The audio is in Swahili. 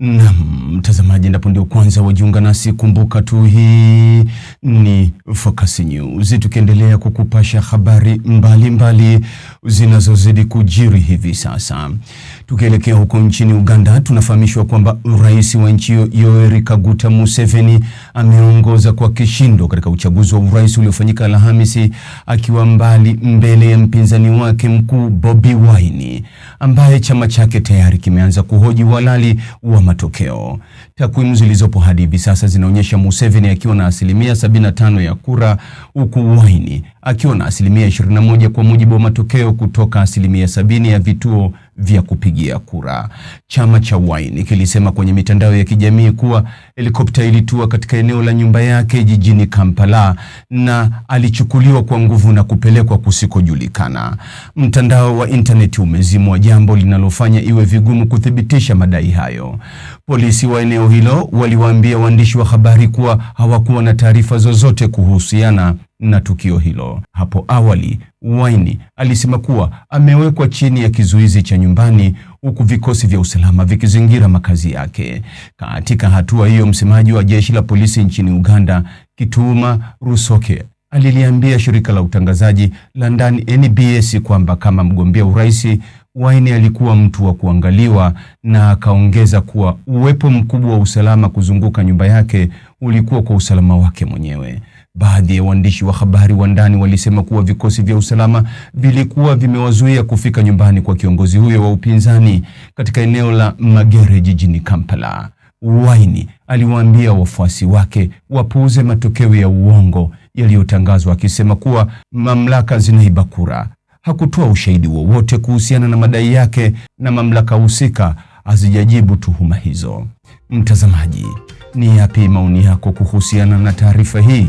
Naam mtazamaji, ndapo ndio kwanza wajiunga nasi, kumbuka tu hii Focus News tukiendelea kukupasha habari mbalimbali zinazozidi kujiri hivi sasa. Tukielekea huko nchini Uganda, tunafahamishwa kwamba rais wa nchi hiyo Yoweri Kaguta Museveni ameongoza kwa kishindo katika uchaguzi wa urais uliofanyika Alhamisi, akiwa mbali mbele ya mpinzani wake mkuu Bobi Wine ambaye chama chake tayari kimeanza kuhoji uhalali wa matokeo. Takwimu zilizopo hadi hivi sasa zinaonyesha Museveni akiwa na asilimia 75 ya kura huku Waini akiwa na asilimia 21 kwa mujibu wa matokeo kutoka asilimia sabini ya vituo vya kupigia kura. Chama cha Waini kilisema kwenye mitandao ya kijamii kuwa helikopta ilitua katika eneo la nyumba yake jijini Kampala na alichukuliwa kwa nguvu na kupelekwa kusikojulikana. Mtandao wa intaneti umezimwa, jambo linalofanya iwe vigumu kuthibitisha madai hayo. Polisi wa eneo hilo waliwaambia waandishi wa habari kuwa hawakuwa na taarifa zozote kuhusiana na tukio hilo. Hapo awali, Waini alisema kuwa amewekwa chini ya kizuizi cha nyumbani huku vikosi vya usalama vikizingira makazi yake. Katika hatua hiyo, msemaji wa jeshi la polisi nchini Uganda, kituma Rusoke, aliliambia shirika la utangazaji la ndani NBS kwamba kama mgombea urais Waini alikuwa mtu wa kuangaliwa, na akaongeza kuwa uwepo mkubwa wa usalama kuzunguka nyumba yake ulikuwa kwa usalama wake mwenyewe. Baadhi ya waandishi wa habari wa ndani walisema kuwa vikosi vya usalama vilikuwa vimewazuia kufika nyumbani kwa kiongozi huyo wa upinzani katika eneo la Magere jijini Kampala. Waini aliwaambia wafuasi wake wapuuze matokeo ya uongo yaliyotangazwa, akisema kuwa mamlaka zinaiba kura. Hakutoa ushahidi wowote kuhusiana na madai yake na mamlaka husika hazijajibu tuhuma hizo. Mtazamaji, ni yapi maoni yako kuhusiana na taarifa hii?